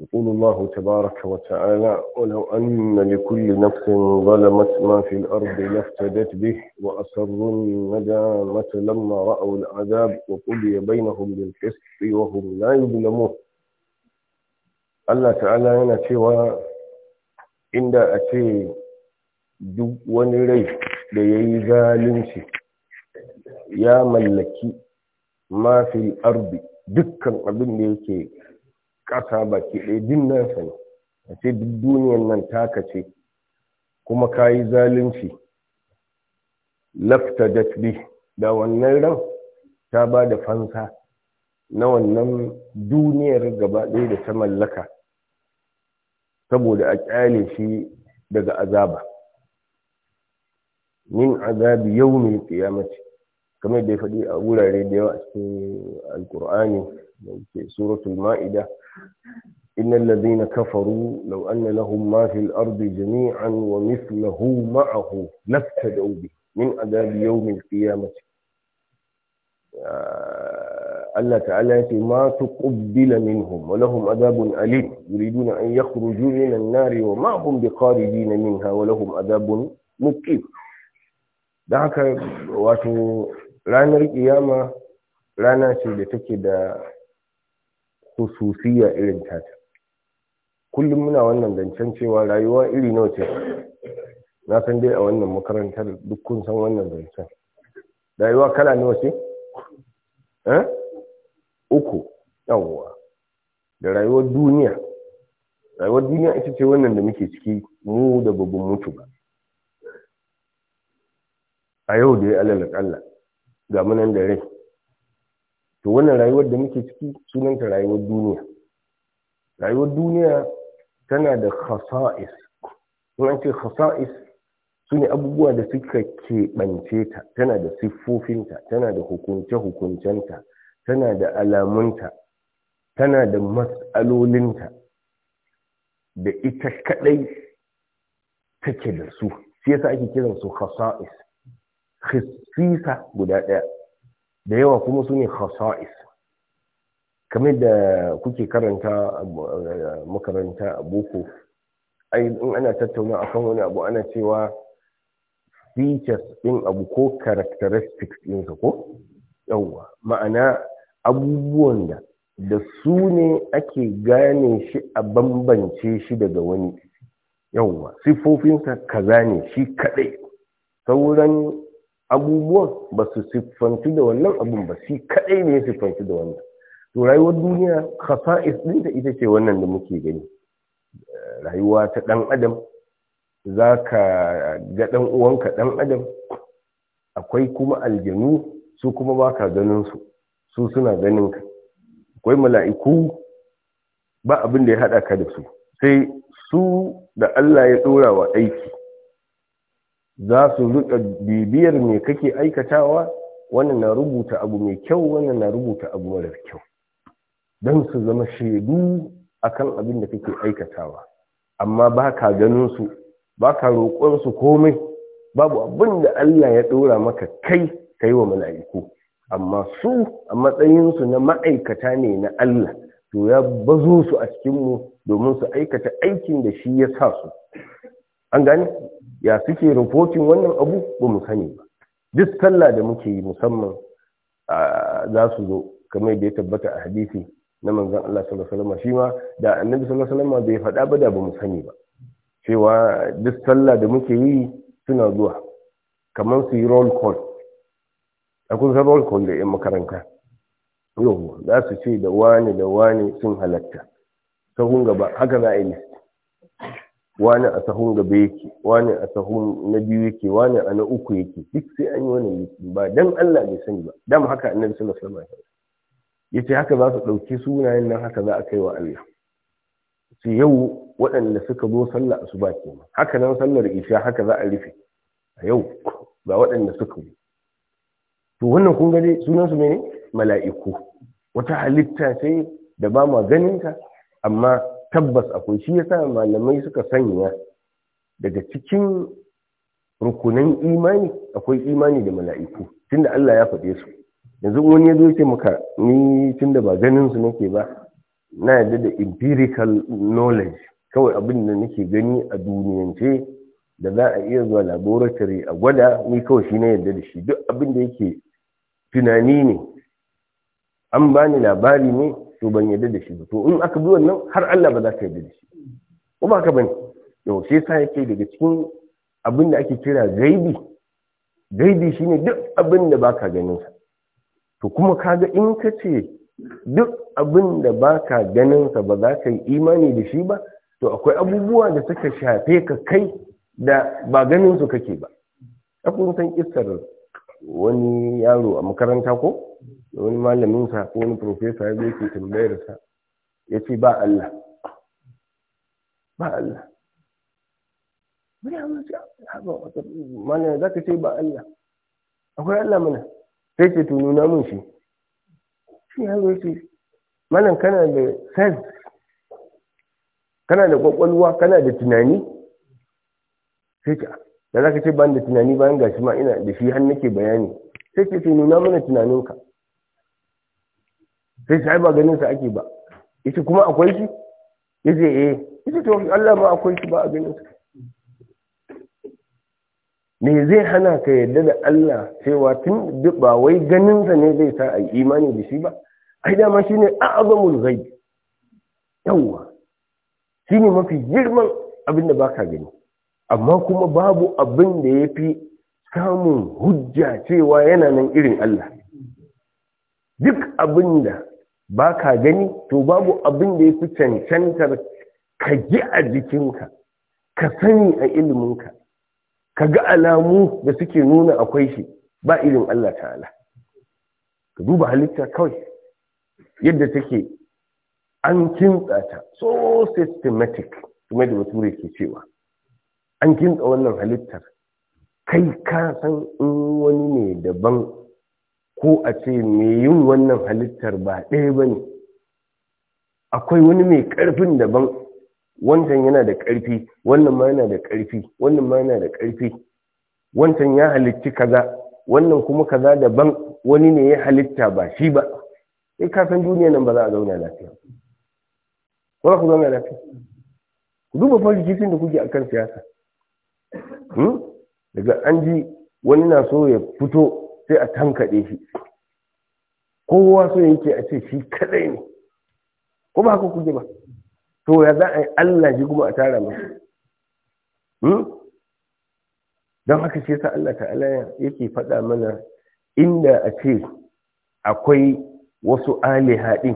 يقول الله تبارك وتعالى ولو أن لكل نفس ظلمت ما في الأرض لافتدت به وأسر الندامة لما رأوا العذاب وقضي بينهم بالقسط وهم لا يظلمون Allah تعالى yana cewa إن a ce duk wani rai da ya yi zalunci ya mallaki mafil arbi dukkan ƙasa baki ɗaya din nasa ne a ce duk duniyan nan ta kace, kuma ka yi zalunci lafta datbi da wannan ran ta ba da fansa na wannan duniyar gaba ɗaya da ta mallaka saboda a ƙyale shi daga azaba min azabi yau mai ƙiyamaci kamar da ya faɗi a wurare da yawa a cikin alkur'ani da ke suratul ma'ida إن الذين كفروا لو أن لهم ما في الأرض جميعا ومثله معه لافتدوا به من عذاب يوم القيامة آه، الله تعالى ما تقبل منهم ولهم عذاب أليم يريدون أن يخرجوا من النار وما هم بخارجين منها ولهم عذاب مقيم دعك haka رانا القيامة رانا rana ce sufiya irin tata kullum muna wannan zancen cewa rayuwa iri nawa ce na san dai a wannan makarantar duk kun san wannan zancen rayuwa kala nawa ce eh uku Ɗanwa. da rayuwar duniya rayuwar duniya ita ce wannan da muke ciki mu da babban mutu ba a yau da ya alal ga munan da rai to wannan rayuwar da muke ciki sunanta rayuwar duniya rayuwar duniya tana da khasa'is in an ce khasa'is su ne abubuwa da suka keɓance ta tana da siffofinta tana da hukunce-hukuncenta tana da alamunta tana da matsalolinta da ita kaɗai take da su shi yasa ake kiransu khasa'is khissisa guda ɗaya da yawa kuma su ne khasa'is kamar da kuke karanta eh, makaranta a boko ai in ana tattauna akan wani abu ana cewa features ɗin abu ko characteristics ɗinsa ko yawwa ma'ana abubuwan da da su ne ake gane shi a bambance shi daga wani yawwa siffofinsa kaza ne shi kaɗai sauran abubuwan ba su siffantu da wannan abun ba shi kadai ne ya siffantu da wannan to rayuwar duniya khasa'is ɗinta ita ce wannan da muke gani rayuwa ta ɗan adam za ka ga ɗan uwanka dan adam akwai kuma aljanu su kuma ba ka ganin su su suna ganin ka akwai mala'iku ba abin da ya haɗa ka da su sai su da Allah ya dora wa aiki za su rika bibiyar me kake aikatawa wannan na rubuta abu mai kyau wannan na rubuta abu marar kyau don su zama shaidu akan abin da kake aikatawa amma ba ka ganin su ba ka roƙon su komai babu abin da Allah ya ɗora maka kai kai wa mala'iku amma su a matsayinsu na ma'aikata ne na Allah to ya bazo su a cikinmu domin su aikata aikin da shi ya sa su an gani ya suke rufotin wannan abu ba mu sani ba duk talla da muke yi musamman za su zo kamar da ya tabbata a hadisi na manzan Allah sallallahu alaihi wasallam shi ma da annabi sallallahu alaihi bai faɗa ba da ba mu sani ba cewa duk talla da muke yi suna zuwa kamar su yi roll call akwai san roll call da yan makaranta yau za su ce da wani da wani sun halatta sahun gaba haka za a yi wani a sahun gaba yake wani a sahun na biyu yake wani a na uku yake duk sai an yi wani yake ba dan Allah bai sani ba dan haka annabi sallallahu alaihi wasallam yace haka za su dauki sunayen nan haka za a kai wa Allah sai yau waɗanda suka zo sallar asuba kenan haka nan sallar isha haka za a rufe a yau ba waɗanda suka zo to wannan kun gani sunan su mene mala'iku wata halitta sai da ba ma ganin ta amma tabbas akwai shi yasa malamai suka sanya daga cikin rukunan imani akwai imani da mala'iku tunda Allah ya faɗe su yanzu wani ya zo ce maka ni tunda ba ganin su nake ba na yadda da empirical knowledge kawai abin da nake gani a duniyance da za a iya zuwa laboratory a gwada ni kawai shi na yadda da shi duk abin da yake tunani ne an bani labari ne to ban yadda da shi to in aka bi wannan har Allah ba za ka yadda da shi ko ba ka bane to sai sa yake daga cikin abin da ake kira gaibi gaibi shine duk abin da baka ganin sa to kuma kaga in ka ce duk abin da baka ganin sa ba za ka yi imani da shi ba to akwai abubuwa da suka shafe ka kai da ba ganin su kake ba akwai san kissar wani yaro a makaranta ko da wani malamin sa ko wani profesa ya zai ke tambayar sa ya ce ba Allah ba Allah bari a mace haɓa wata malamin za ka ce ba Allah akwai Allah mana sai ce to nuna mun shi shi ya zo ce malam kana da sense kana da kwakwalwa kana da tunani sai ce da za ka ce ba da tunani bayan gashi ma ina da shi har nake bayani sai ce to nuna mana tunaninka sai ta ba ganin sa ake ba yace kuma akwai shi yace eh yace to Allah ma akwai shi ba a ganin sa me zai hana ka yarda da Allah cewa tun ba wai ganin sa ne zai sa ai imani da shi ba ai dama shine a'zamul ghaib yawa shine mafi girman abin da baka gani amma kuma babu abin da ya fi samun hujja cewa yana nan irin Allah duk abin da ba ka gani to babu abin da ya fi cancantar ka ji a jikinka ka sani a iliminka ka ga alamu da suke nuna akwai shi ba irin Allah ta'ala ka duba halitta kawai yadda take an kinsa ta so systematic kuma da bature ke cewa an kinsa wannan halittar kai ka san in wani ne daban ko a ce mai yin wannan halittar ba ɗaya ba ne akwai wani mai ƙarfin daban wancan yana da ƙarfi wannan ma yana da ƙarfi wannan ma yana da ƙarfi wancan ya halitti kaza wannan kuma kaza daban wani ne ya halitta ba shi ba sai ka san duniya nan ba za a zauna lafiya ko za ku zauna lafiya ku duba farkicin da kuke akan siyasa hmm? daga an ji wani na so ya fito sai a tankaɗe shi kowa so yake a ce shi kaɗai ne ko ba haka kuke ba to ya za a yi Allah ji kuma a tara masa hmm? don haka shi sa Allah ta'ala yake faɗa mana inda a ce akwai wasu aliha ɗin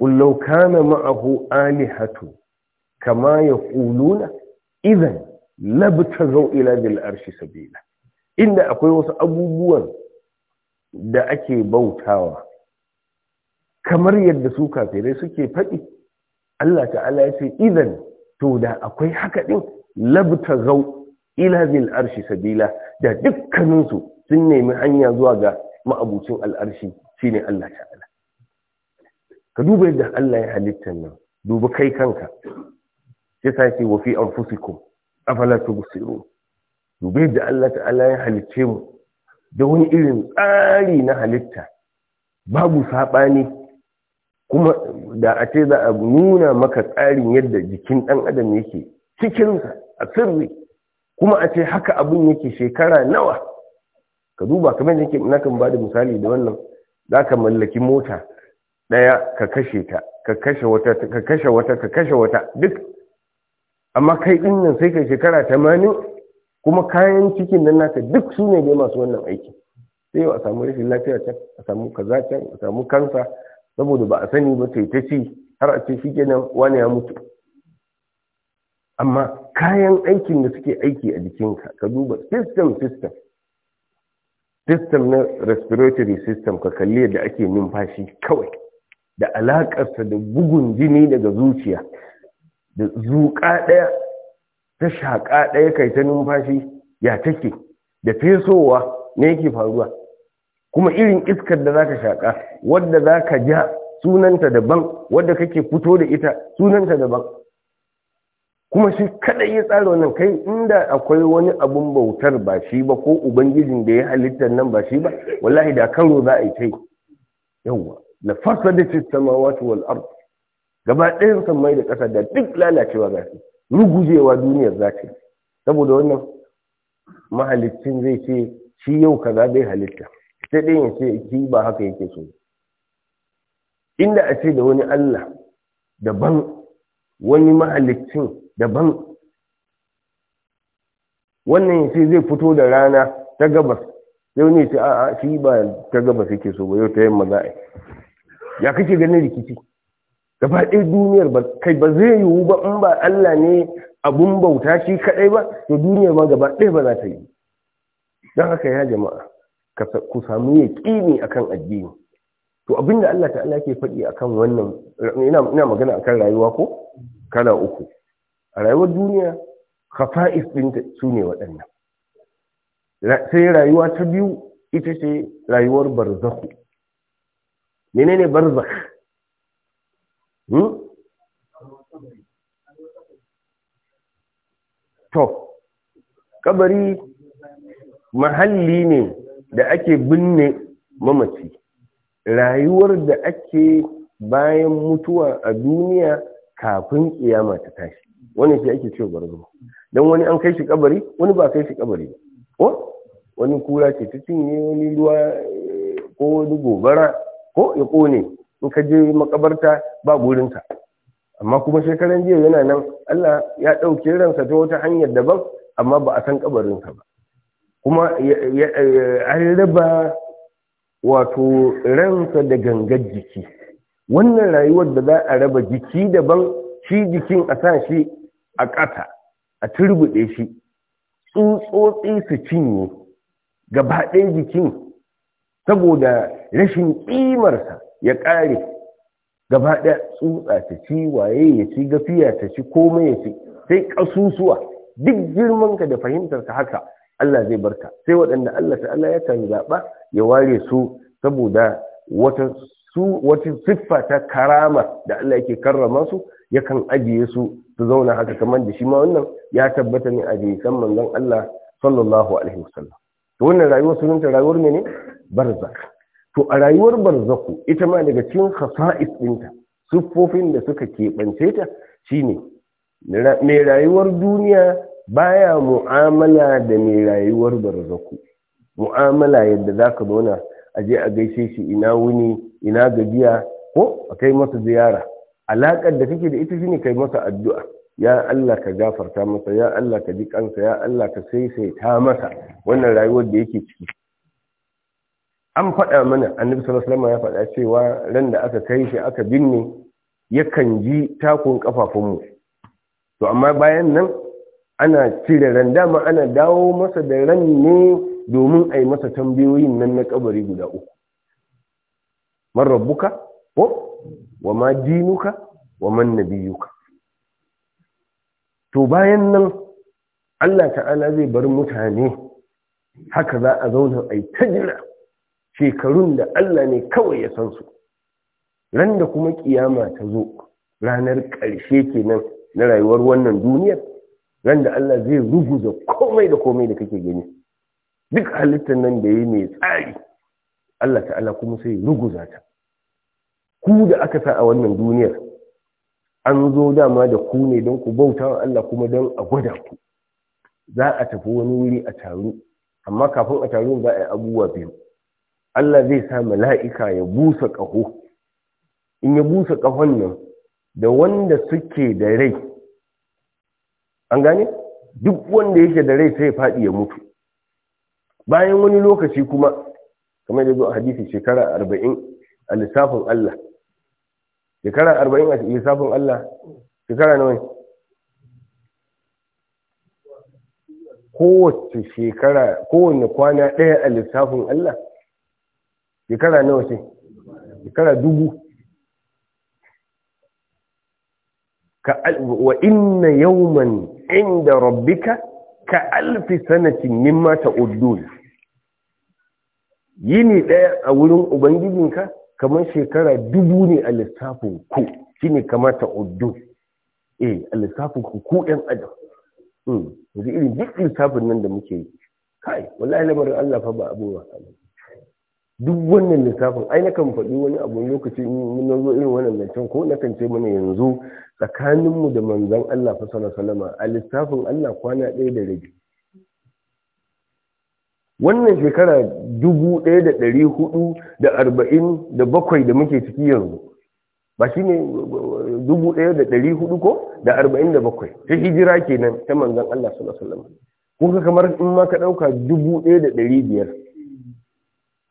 ƙullau kana ma'ahu alihatu kama ya ƙuluna idan labta zau ila bil arshi sabila inda akwai wasu abubuwan da ake bautawa kamar yadda su kafirai suke faɗi Allah ta'ala ya ce idan to da akwai haka ɗin labta zau ila zil arshi sabila da dukkaninsu sun nemi hanya zuwa ga ma'abucin al'arshi shine Allah ta'ala ka duba yadda Allah ya halitta nan duba kai kanka sai sake ce wa fi anfusikum afala dubi da Allah ta'ala ya halicce mu da wani irin tsari na halitta babu saɓani kuma da a ce za a nuna maka tsarin yadda jikin ɗan adam yake cikinsa a sirri kuma a ce haka abin yake shekara nawa ka duba kamar yake na kan ba misali da wannan za ka mallaki mota ɗaya ka kashe ta ka kashe wata ka kashe wata ka kashe wata duk amma kai ɗin sai ka shekara tamanin kuma kayan cikin nan naka duk su ne dai masu wannan aiki sai a samu rashin lafiya can a samu kaza can a samu kansa saboda ba a sani ba sai ta ci har a ce shikenan wani ya mutu amma kayan aikin da suke aiki a jikinka ka duba system system system na respiratory system ka kalli da ake numfashi kawai da alakarsa da bugun jini daga zuciya da zuƙa ɗaya ta shaƙa ɗaya kai ta numfashi ya take da fesowa ne yake faruwa kuma irin iskar da zaka shaƙa wadda zaka ja sunanta daban wadda kake fito da ita sunanta daban kuma shi kaɗai ya tsara wannan kai inda akwai wani abun bautar ba shi ba ko ubangijin da ya halitta nan ba shi ba wallahi da karo za a yi ta yi yawwa la fasadati samawati wal ard gaba ɗayan sammai da ƙasa da duk lalacewa ga shi rugujewa duniyar za ta saboda wannan mahalicin zai ce shi yau kaza bai halitta sai ɗin ya ce shi ba haka yake so inda a ce da wani Allah daban wani mahalicin daban wannan ya ce zai fito da rana ta gabas sai wani ya ce a'a shi ba ta gabas yake so ba yau ta yamma za a yi ya kake ganin rikici gaba duniyar ba kai ba zai yiwu ba in ba Allah ne abun bauta shi kaɗai ba to duniyar ma gaba ɗaya ba za ta yi don haka ya jama'a ku samu ya ƙini akan addini to abinda Allah ta'ala ke faɗi akan wannan ina magana akan rayuwa ko kala uku a rayuwar duniya khafa'is ɗin su ne waɗannan sai rayuwa ta biyu ita ce rayuwar barzakhu menene Barzak? Hmm? to kabari mahalli ne da ake binne mamaci rayuwar da ake bayan mutuwa a duniya kafin kiyama ta tashi wani shi ake cewa barzo don wani an kai shi kabari wani ba kai shi kabari ko wani kura ce ta cinye wani ruwa eh, ko wani gobara ko ya kone in ka je makabarta ba gurinta amma kuma shekaran jiya yana nan Allah ya ɗauke ransa ta wata hanyar daban amma ba a san kabarinsa ba kuma eh, an raba wato ransa da gangar jiki wannan rayuwar da za a raba jiki daban shi jikin a sa shi a ƙasa a turbuɗe shi tsutsotsi su cinye gaba ɗaya jikin saboda rashin ƙimarsa ya ƙare gaba ɗaya tsutsa ta ci waye ya ci gafiya ta ci komai ya ci sai ƙasusuwa duk girmanka da fahimtarka haka Allah zai barka sai waɗanda Allah ta'ala ya kan zaɓa ya ware su saboda wata su wata siffa ta karama da Allah yake karrama su yakan ajiye su su zauna haka kamar da shi ma wannan ya tabbata ne a jisan manzon Allah sallallahu alaihi wasallam to wannan rayuwar sunanta rayuwar ne barzakh to a rayuwar barzaku ita ma daga cikin khasa'is ɗinta siffofin da suka keɓance ta shine mai rayuwar duniya baya mu'amala da mai rayuwar barzaku mu'amala yadda za ka zauna a je a gaishe shi ina wuni ina gajiya ko a kai masa ziyara alaƙar da kake da ita shine kai masa addu'a ya Allah ka gafarta masa ya Allah ka ji kansa ya Allah ka sai sai ta masa wannan rayuwar da yake ciki an faɗa mana annabi sallallahu ya faɗa cewa ran da aka kai shi aka binne yakan ji takun kafafunmu to amma bayan nan ana cire ran dama ana dawo masa da ran ne domin a yi masa tambayoyin nan na kabari guda uku man rabbuka ko wa ma dinuka wa man nabiyuka to bayan nan Allah ta'ala zai bar mutane haka za a zauna a yi ta jira shekarun da Allah ne kawai ya san su ran da kuma kiyama ta zo ranar ƙarshe kenan na rayuwar wannan duniyar ran da Allah zai ruguza komai da komai da kake gani duk halittar nan da yi mai tsari Allah ta'ala kuma sai ruguza ta ku da aka sa a wannan duniyar an zo dama da ku ne don ku bauta wa Allah kuma don a gwada ku za a tafi wani wuri a taru amma kafin a taru za a yi abubuwa biyu Allah zai sa mala'ika ya busa ƙaho in ya busa ƙahon nan da wanda suke da rai an gane duk wanda yake da rai sai faɗi ya mutu bayan wani lokaci kuma kamar da zo a hadisi shekara arba'in a lissafin Allah shekara arba'in a lissafin Allah shekara nawa kowace shekara kowane kwana ɗaya a lissafin Allah shekara nawa ce shekara dubu ka wa inna yawman inda rabbika ka alfi sanatin mimma ta'uddun yini ɗaya a wurin ubangijinka kamar shekara dubu ne a lissafin ku shine kamata uddu eh a lissafin ku ku ɗan adam hmm, yanzu irin duk lissafin nan da muke yi kai wallahi lamarin Allah fa ba abu abubuwa duk wannan lissafin ai nakan faɗi wani abu lokaci in zo irin wannan zancen ko nakan ce mana yanzu tsakaninmu da manzan Allah fa sallallahu alaihi a lissafin Allah kwana ɗaya da rabi wannan shekara dubu ɗaya da ɗari hudu da arba'in da bakwai da muke ciki yanzu ba shi ne dubu ɗaya da ɗari hudu ko da arba'in da bakwai ta hijira kenan ta manzan Allah sallallahu alaihi wasallam kuka kamar in ma ka ɗauka dubu ɗaya da ɗari biyar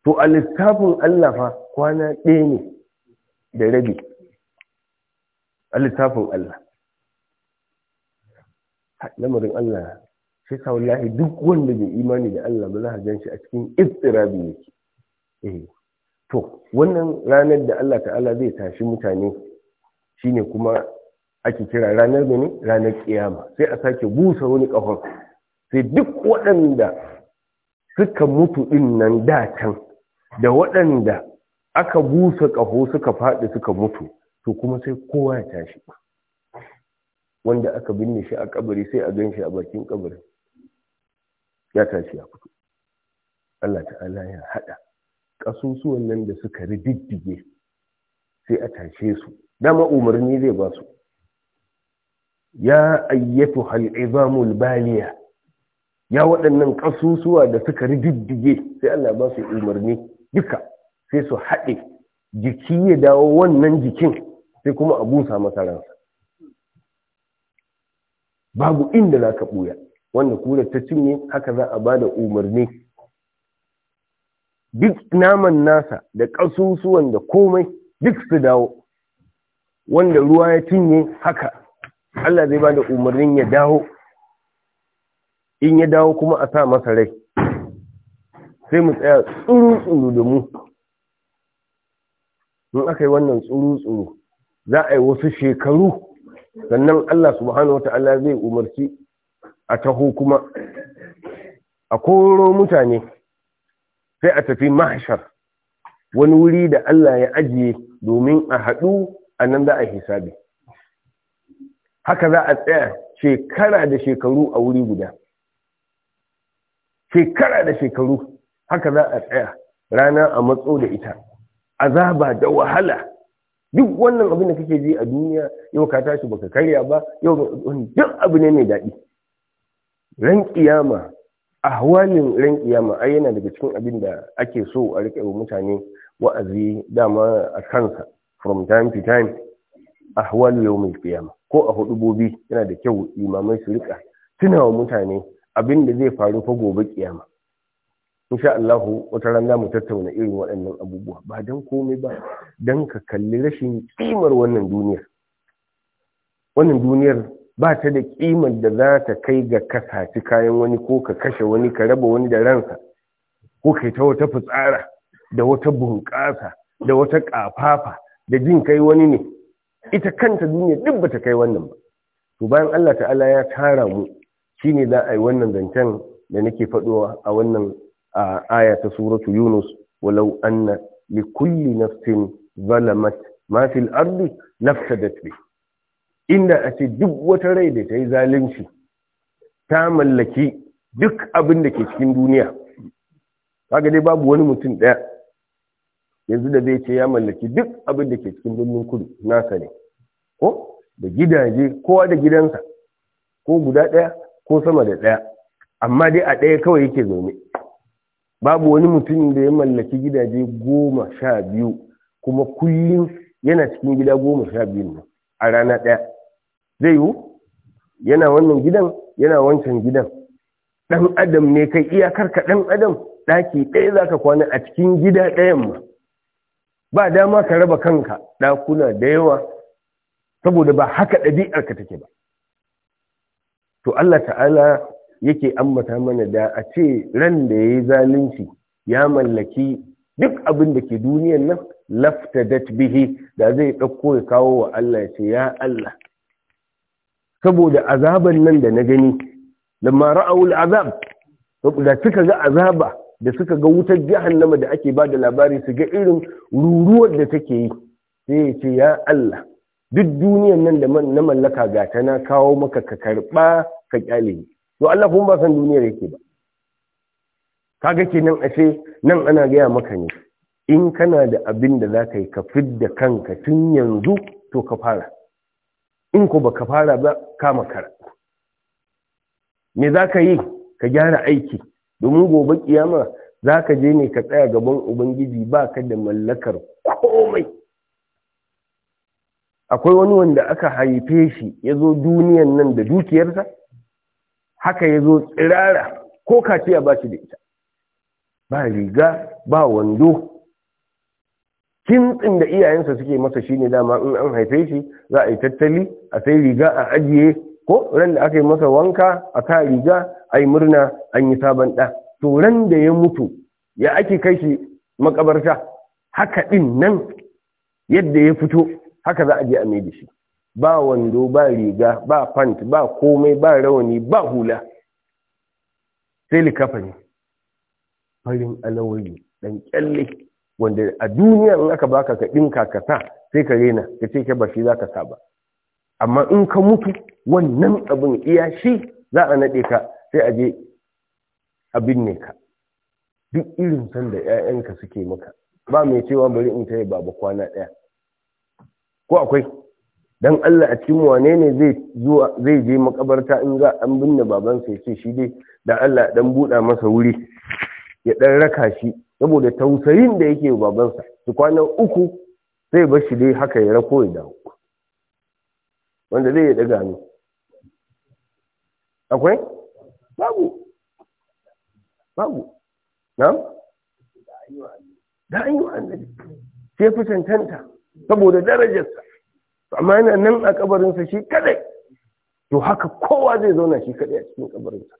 to a littafin Allah fa kwana ɗaya ne da rabi a littafin Allah lamarin Allah sai ka wallahi duk wanda bai imani da Allah ba za a gan shi a cikin istirabi yake eh to wannan ranar da Allah ta'ala zai tashi mutane shine kuma ake kira ranar da ne ranar kiyama sai a sake busa wani kafar sai duk waɗanda suka mutu din nan datan da waɗanda aka busa ƙaho suka faɗi suka mutu to kuma sai kowa ya tashi wanda aka binne shi a kabari sai a gan shi a bakin kabarin ya tashi ya fito Allah ta'ala ya haɗa ƙasusuwan nan da suka rididdige sai a tashe su dama umarni zai ba su ya ayyatu hal'izamul baliya ya waɗannan ƙasusuwa da suka rididdige sai Allah ba su umarni duka sai su haɗe jiki ya dawo wannan jikin sai kuma a busa masaransa. babu inda za ka ɓuya wanda kura ta cinye haka za a ba da umarni duk naman nasa da ƙasusuwan da komai duk su dawo wanda ruwa ya cinye haka Allah zai bada umarnin ya dawo in ya dawo kuma a sa masa rai sai mu tsaya tsuru-tsuru da mu in aka yi wannan tsuru-tsuru za a yi wasu shekaru sannan Allah subhanahu wata'ala zai umarci a taho kuma a koro mutane sai a tafi mahashar wani wuri da Allah ya ajiye domin a haɗu a nan za a hisabi haka za a tsaya shekara da shekaru a wuri guda shekara da shekaru haka za a tsaya rana a matso da ita azaba da wahala duk wannan abin da kake ji a duniya yau ka tashi baka karya ba yau duk abu ne mai daɗi ran kiyama ahwalin ran kiyama ai yana daga cikin abin da ake so a rike wa mutane wa'azi dama a kansa from time to time ahwalu yawmil qiyama ko a hudubobi yana da kyau imamai su rika tuna wa mutane abin da zai faru fa gobe kiyama insha Allah wata rana mu tattauna irin waɗannan abubuwa ba dan komai ba dan ka kalli rashin ƙimar wannan duniyar wannan duniyar ba ta da ƙimar da za ta kai ga kasaci kayan wani ko ka kashe wani ka raba wani da ransa ko kai ta wata fitsara da wata bunƙasa da wata ƙafafa da jin kai wani ne ita kanta duniya duk ba ta kai wannan ba to bayan Allah ta'ala ya tara mu shine za a yi wannan zancen da nake faɗowa a wannan a aya ta suratu yunus walau anna li kulli nafsin zalamat ma fil ardi nafsadat bi inda a ce duk wata rai da ta yi zalunci ta mallaki duk abin da ke cikin duniya kaga dai babu wani mutum ɗaya yanzu da zai ce ya mallaki duk abin da ke cikin birnin kudu nasa ne ko da gidaje kowa da gidansa ko guda ɗaya ko sama da ɗaya amma dai a ɗaya kawai yake zaune babu wani mutumin da ya mallaki gidaje goma sha biyu kuma kullum yana cikin gida goma sha biyu ne a rana ɗaya zai yiwu yana wannan gidan yana wancan gidan ɗan adam ne kai iyakar ka ɗan adam ɗaki ɗaya za ka kwana a cikin gida ɗayan ma ba dama ka raba kanka ɗakuna da yawa saboda ba haka ɗabi'ar ka take ba to Allah ta'ala yake ambata mana da a ce ran da ya yi zalunci ya mallaki duk abin da ke duniyan nan lafta dat bihi da zai ɗauko ya kawo wa Allah ya ce ya Allah saboda azaban nan da na gani lamma ra'awul azab da suka ga azaba da suka ga wutar nama da ake ba da labari su ga irin ruruwar da take yi sai ya ce ya Allah duk duniyan nan da na mallaka ga ta na kawo maka ka karɓa ka ƙyale. to Allah kuma ba san duniyar yake ba kaga kenan ashe nan ana gaya maka ne in kana da abin da za ka yi ka fidda kanka tun yanzu to ka fara in ko baka fara ba kama kara me zaka yi ka gyara aiki domin gobe kiyama zaka je ne ka tsaya gaban ubangiji ba ka da mallakar komai akwai wani wanda aka haife shi ya zo duniyan nan da dukiyarsa haka ya zo tsirara ko kaciya ba shi da ita ba riga ba wando kintsin da iyayensa suke masa shine dama in an haife shi za a yi tattali a sai riga a ajiye ko ran da aka yi masa wanka a ka riga a yi murna an yi sabon ɗa to ran da ya mutu ya ake kai shi makabarta haka ɗin nan yadda ya fito haka za a je a mai da shi ba wando ba riga ba pant ba komai ba rawani ba hula sai likafa farin alawari dan kyalle wanda a duniya in aka baka ka dinka ka sa sai ka rena ka ce ka ba shi zaka sa ba amma in ka mutu wannan abin iya shi za a nade ka sai a je a binne ka duk irin sanda 'ya'yanka suke maka ba mai cewa bari in taya baba kwana ɗaya ko akwai dan Allah a cikin wane ne zai zuwa zai je makabarta in za an binne babansa ya ce shi dai dan Allah dan buɗa masa wuri ya dan raka shi saboda tausayin da yake babansa su kwanan uku zai bar shi dai haka ya rako ya dawo wanda zai ya daga ni akwai babu babu na da an yi wa annabi sai fi cancanta saboda darajarsa amma yana nan a kabarinsa shi kadai to haka kowa zai zauna shi kadai a cikin kabarinsa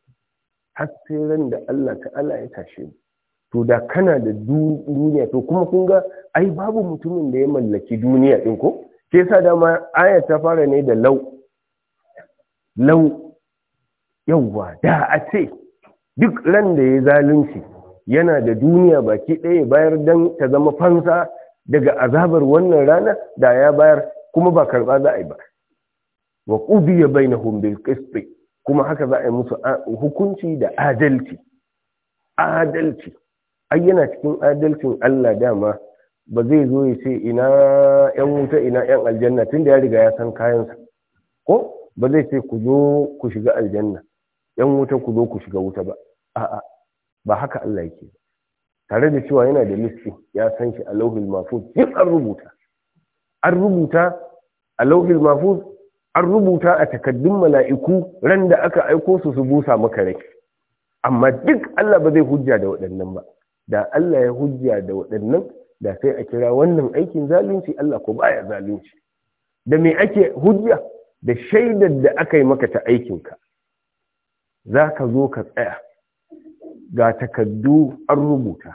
har sai ran da Allah ta'ala ya tashe mu to da kana da duniya to kuma kun ga ai babu mutumin da ya mallaki duniya din ko ke yasa dama aya ta fara ne da lau lau yawwa da a ce duk ran da ya zalunci yana da duniya baki ɗaya bayar dan ta zama fansa daga azabar wannan rana da ya bayar kuma ba karba za a yi ba wa bai na bil qist kuma haka za a yi musu hukunci da adalci adalci ai yana cikin adalcin Allah dama ba zai zo ya ce ina yan wuta ina yan aljanna tun da ya riga ya san kayansa ko ba zai ce ku zo ku shiga aljanna yan wuta ku zo ku shiga wuta ba a'a ba haka Allah yake tare da cewa yana da listi ya san shi a lauhin mafud duk an rubuta an rubuta a lauhin mafuz an rubuta a takaddun mala'iku ran da aka aiko su su busa maka rai amma duk Allah ba zai hujja da waɗannan ba da Allah ya hujja da waɗannan da sai a kira wannan aikin zalunci Allah ko baya zalunci da me ake hujja da shaidar da aka yi maka ta aikinka za ka zo ka tsaya ga takaddu an rubuta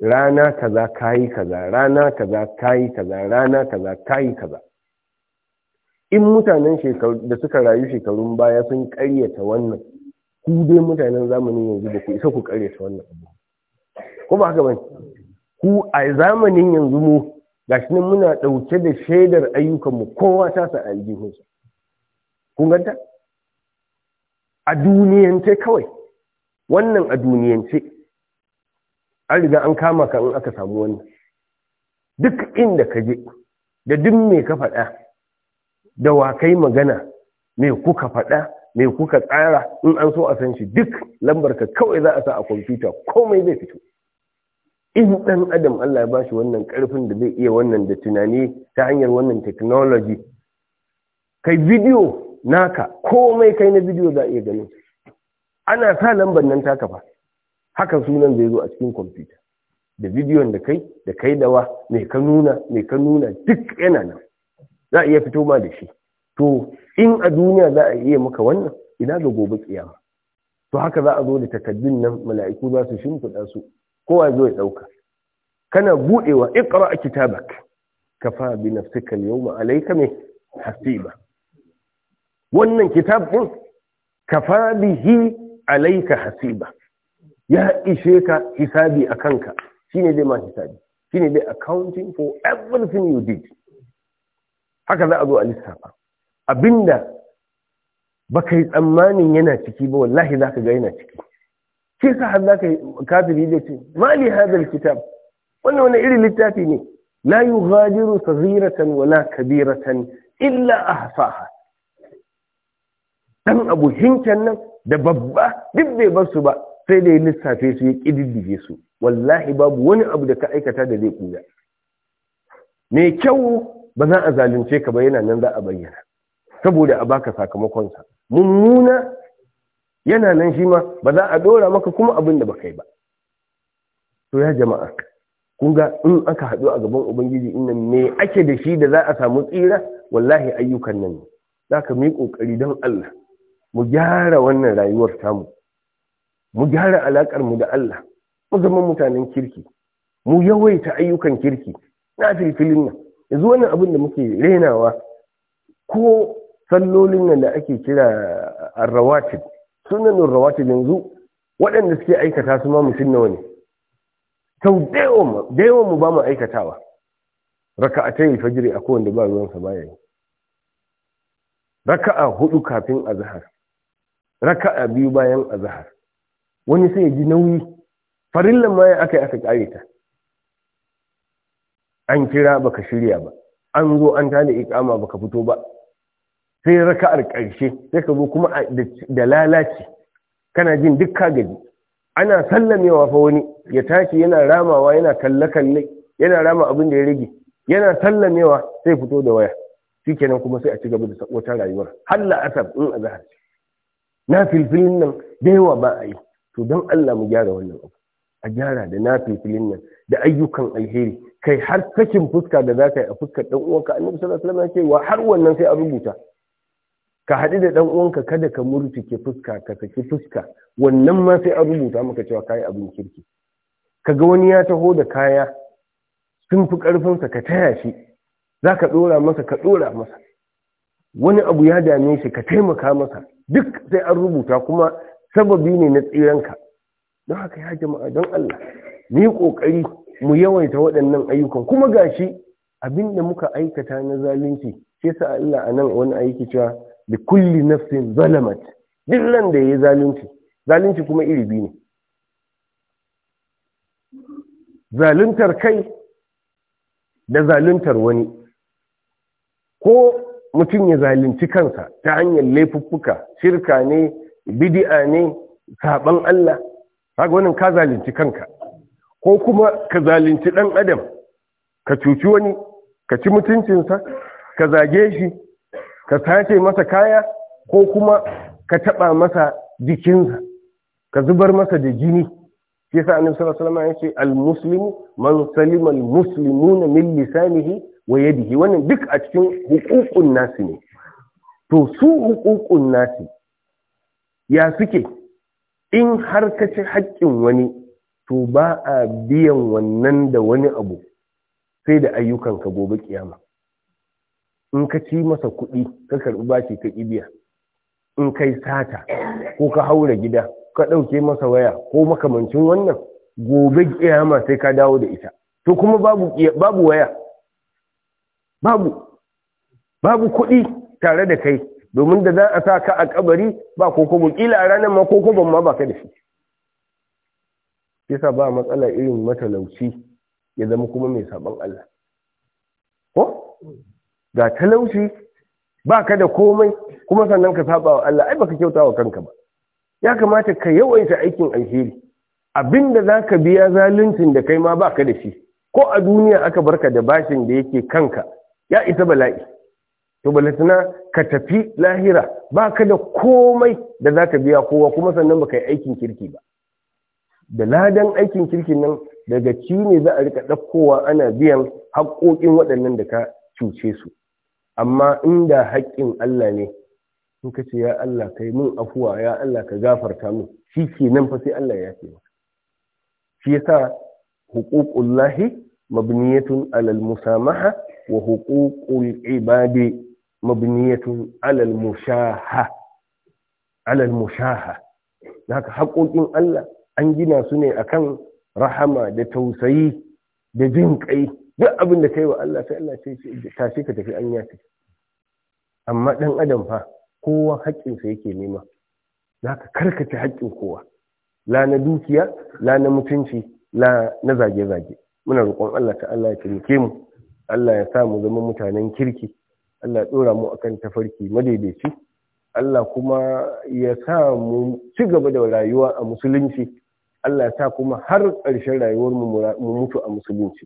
rana kaza kayi kaza rana kaza kayi kaza rana kaza kayi kaza in mutanen da suka rayu shekarun baya sun karyata wannan ku dai mutanen zamanin yanzu ba ku isa ku karyata wannan abu ko ba haka ba ku a zamanin yanzu mu gashi nan muna dauke da shaidar ayyukan mu kowa ta sa aljihunsa kun ganta a duniyance kawai wannan a duniyance an riga an kama ka in aka samu wannan duk inda ka je da duk me ka faɗa da wa kai magana me kuka faɗa mai kuka tsara in an so a san shi duk lambarka kawai za a sa a kwamfuta komai zai fito in ɗan adam Allah ya bashi wannan ƙarfin da zai iya wannan da tunani ta hanyar wannan technology kai bidiyo naka komai kai na bidiyo za a iya ganin ana sa lambar nan taka fa haka sunan zai zo a cikin kwamfuta da bidiyon da kai da kai dawa mai ka nuna mai ka nuna duk yana nan za a iya fito ma da shi to in a duniya za a iya maka wannan ina ga gobe kiyama to haka za a zo da takaddun nan mala'iku za su shimfiɗa su kowa zo ya ɗauka kana buɗewa iqra kitabak kafa bi nafsika al-yawma alayka min hasiba wannan kitab din kafa bihi alayka hasiba ya ishe ka hisabi a kanka ne zai ma hisabi ne dai accounting for everything you did haka za a zo a lissafa abinda baka yi tsammanin yana ciki ba wallahi za ka ga yana ciki Ke sa har za ka yi kafiri da ce mali hadal kitab wannan wani irin littafi ne la yughadiru saghiratan wala kabiratan illa a hasaha. dan abu hinken nan da babba duk bai bar su ba sai da ya lissafe su ya ƙididdige su wallahi babu wani abu da ka aikata da zai ƙuya mai kyau ba za a zalunce ka ba yana nan za a bayyana saboda a baka sakamakonsa mummuna yana nan shi ma ba za a ɗora maka kuma abin da ba kai ba to ya jama'a kun ga in aka haɗu a gaban ubangiji inda me ake da shi da za a samu tsira wallahi ayyukan nan ne za ka mai ƙoƙari don allah mu gyara wannan rayuwar tamu mu gyara alakar mu da Allah mu zama mutanen kirki mu yawaita ayyukan kirki na filfilin nan yanzu wannan abin da muke renawa ko sallolin nan da ake kira Sunan sunanin rawatib yanzu waɗanda suke aikata su ma mutum nawa ne sau da yawan mu ba mu aikatawa raka'atai fajiri a kowanne ba ruwansa baya yi raka'a hudu kafin azhar raka'a biyu bayan azhar wani sai ya ji nauyi farillan ma ya aka yi aka kare ta an kira baka shirya ba an zo an tada ikama baka fito ba sai raka'ar ƙarshe sai ka zo kuma da lalaci kana jin duk ka gaji ana sallamewa fa wani ya tashi yana ramawa yana kalle kalle yana rama abin da ya rage yana sallamewa sai fito da waya shikenan kuma sai a ci gaba da wata rayuwar har asar in azhar na filfilin nan da yawa ba a yi to don Allah mu gyara wannan abu a gyara da na filin nan da ayyukan alheri kai har sakin fuska da za ka yi a fuskar dan uwanka annabi sallallahu alaihi wasallam ya ce wa har wannan sai a rubuta ka haɗu da ɗan'uwanka uwanka kada ka murtuke fuska ka saki fuska wannan ma sai a rubuta maka cewa kai abin kirki kaga wani ya taho da kaya sun fi ƙarfinsa ka taya shi za ka ɗora masa ka ɗora masa wani abu ya dame shi ka taimaka masa duk sai an rubuta kuma sababi ne na tsiranka don haka ya jama'a don Allah Ni ƙoƙari mu yawaita waɗannan ayyukan kuma gashi abin da muka aikata na zalunci sai sa Allah a nan wani aiki cewa da kulli nafsin zalamat duk nan da ya yi zalunci zalunci kuma iri biyu ne zaluntar kai da zaluntar wani ko mutum ya zalunci kansa ta hanyar laifuffuka shirka ne bidi'a ne saban Allah kaga wannan ka zalunci kanka ko kuma ka zalunci dan adam ka cuci wani ka ci mutuncinsa ka zage shi ka sace masa kaya ko kuma ka taba masa jikinsa ka zubar masa da jini sai yasa annabi sallallahu alaihi wasallam yace al-muslimu man salima al-muslimuna min lisanihi wa yadihi wannan duk a cikin hukukun nasi ne to su hukukun nasi ya suke in har ka ci haƙƙin wani to ba a biyan wannan da wani abu sai da ayyukanka gobe kiyama in ka ci masa kuɗi ka karɓi bashi ka ibiya in kai sata ko ka haura gida ka ɗauke masa waya ko makamancin wannan gobe kiyama sai ka dawo da ita to kuma babu waya babu kuɗi tare da kai domin da za a sa ka a kabari ba kokobo kila a ranar ma kokobon ma ba ka da shi yasa ba matsala irin matalauci ya zama kuma mai saban Allah ko ga talauci ba ka da komai kuma sannan ka saba wa Allah ai baka kyauta wa kanka ba ya kamata ka yawaita aikin alheri abinda za ka biya zaluncin da kai ma ba ka da shi ko a duniya aka barka da bashin da yake kanka ya isa bala'i to balantana ka tafi lahira ba ka da komai da za ka biya kowa kuma sannan ba ka yi aikin kirki ba da ladan aikin kirki nan daga ci ne za a rika ɗaukowa ana biyan haƙoƙin waɗannan da ka cuce su amma inda haƙƙin Allah ne in ka ce ya Allah kai mun afuwa ya Allah ka gafarta mun? shi ke nan fa sai Allah ya ce maka shi yasa huququllahi mabniyatun alal musamaha wa huququl ibadi mabniyatun alal mushaha alal mushaha haka haƙoƙin Allah an gina su ne akan rahama da tausayi da jin ƙai, duk abin da kai wa Allah sai Allah ta tashi ka tafi an yafi amma ɗan adam fa kowa haƙƙinsa yake nema zaka karkace haƙƙin kowa la na dukiya la na mutunci la na zage-zage muna roƙon Allah Allah ya taimake mu Allah ya sa mu zama mutanen kirki Allah ya ɗora mu akan tafarki madaidaici Allah kuma ya sa mu ci gaba da rayuwa a musulunci Allah ya kuma har ƙarshen rayuwar mu mutu a musulunci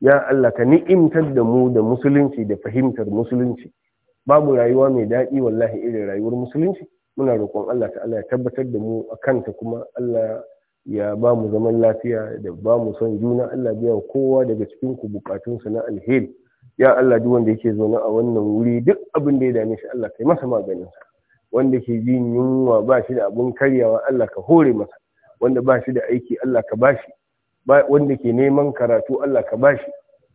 ya Allah ka ni'imtar da mu da musulunci da fahimtar musulunci babu rayuwa mai daɗi wallahi irin rayuwar musulunci muna roƙon Allah ta'ala ya tabbatar da mu a kanta kuma Allah ya ba mu zaman lafiya da ba mu son juna Allah biya kowa daga cikin ku bukatunsa na alheri ya Allah duk wanda yake zaune a wannan wuri duk abin da ya dame shi Allah kai masa maganin sa wanda ke jin yunwa ba shi da abun karyawa Allah ka hore masa wanda ba shi da aiki Allah ka bashi wanda ke neman karatu Allah ka bashi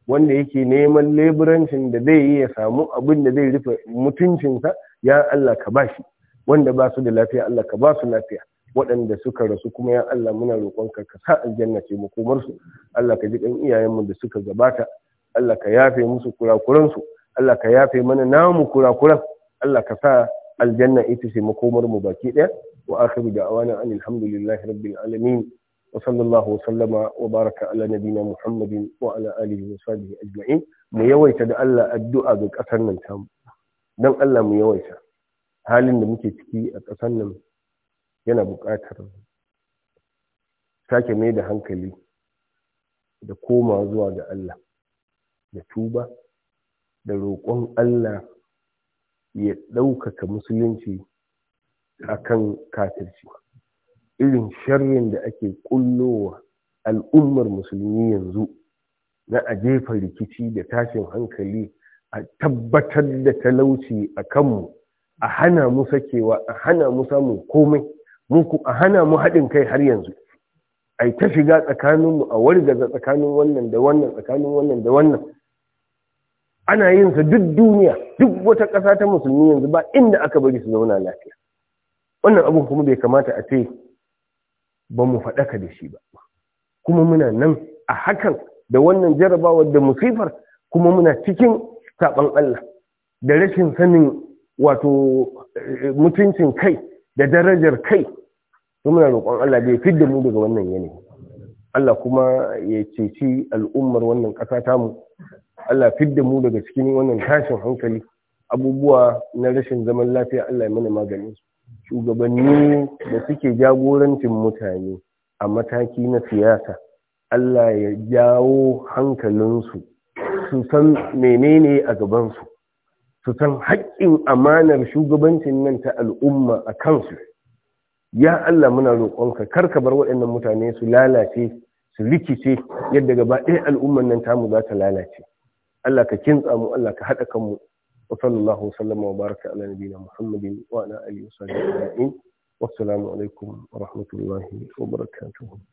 wanda yake neman leburancin da zai yi ya samu abin da zai rufe mutuncinsa ya Allah ka bashi wanda ba su da lafiya Allah ka ba su lafiya waɗanda suka rasu kuma ya Allah muna roƙonka ka sa aljanna ce Allah ka ji ɗan iyayenmu da suka gabata Allah ka yafe musu kurakuransu Allah ka yafe mana namu kurakuran Allah ka sa aljanna ita ce makomar mu baki ɗaya wa akhiru da'wana anil hamdulillahi rabbil alamin wa sallallahu wa sallama wa baraka ala nabina muhammadin wa ala alihi wa sahbihi ajma'in mu yawaita da Allah addu'a ga ƙasar nan tamu dan Allah mu yawaita halin da muke ciki a ƙasar nan yana buƙatar sake mai da hankali da koma zuwa ga Allah da tuba da roƙon Allah ya ɗaukaka musulunci a kan kafirci irin sharrin da ake ƙullowa al'ummar musulmi yanzu na a jefa rikici da tashin hankali a tabbatar da talauci a kanmu a hana mu sakewa a hana mu samun komai muku a hana mu haɗin kai har yanzu ai ta shiga tsakaninmu a wargaza tsakanin wannan da wannan tsakanin wannan da wannan ana yin sa duk duniya duk wata ƙasa ta musulmi yanzu ba inda aka bari su zauna lafiya wannan abun kuma bai kamata a ce ba mu faɗaka da shi ba kuma muna nan a hakan da wannan jarabawar da musifar kuma muna cikin saɓan Allah da rashin sanin wato eh, mutuncin kai da darajar kai to muna roƙon Allah da ya da mu daga wannan yanayi Allah kuma ya ceci al'ummar wannan ƙasa tamu Allah fidda mu daga cikin wannan tashin hankali abubuwa na rashin zaman lafiya Allah ya mana maganin shugabanni da suke jagorancin mutane a mataki na siyasa Allah ya jawo hankalinsu su san menene a gabansu su san haƙƙin amanar shugabancin nan ta al'umma a kansu ya Allah muna roƙonka ka bar waɗannan mutane su lalace su rikice yadda gaba ɗaya al'ummar nan tamu za ta lalace Allah ka kintsa mu Allah ka haɗa kanmu wa sallallahu sallama wa baraka ala nabiyina Muhammadin wa ala alihi wa sahbihi ajma'in alaikum wa rahmatullahi wa barakatuh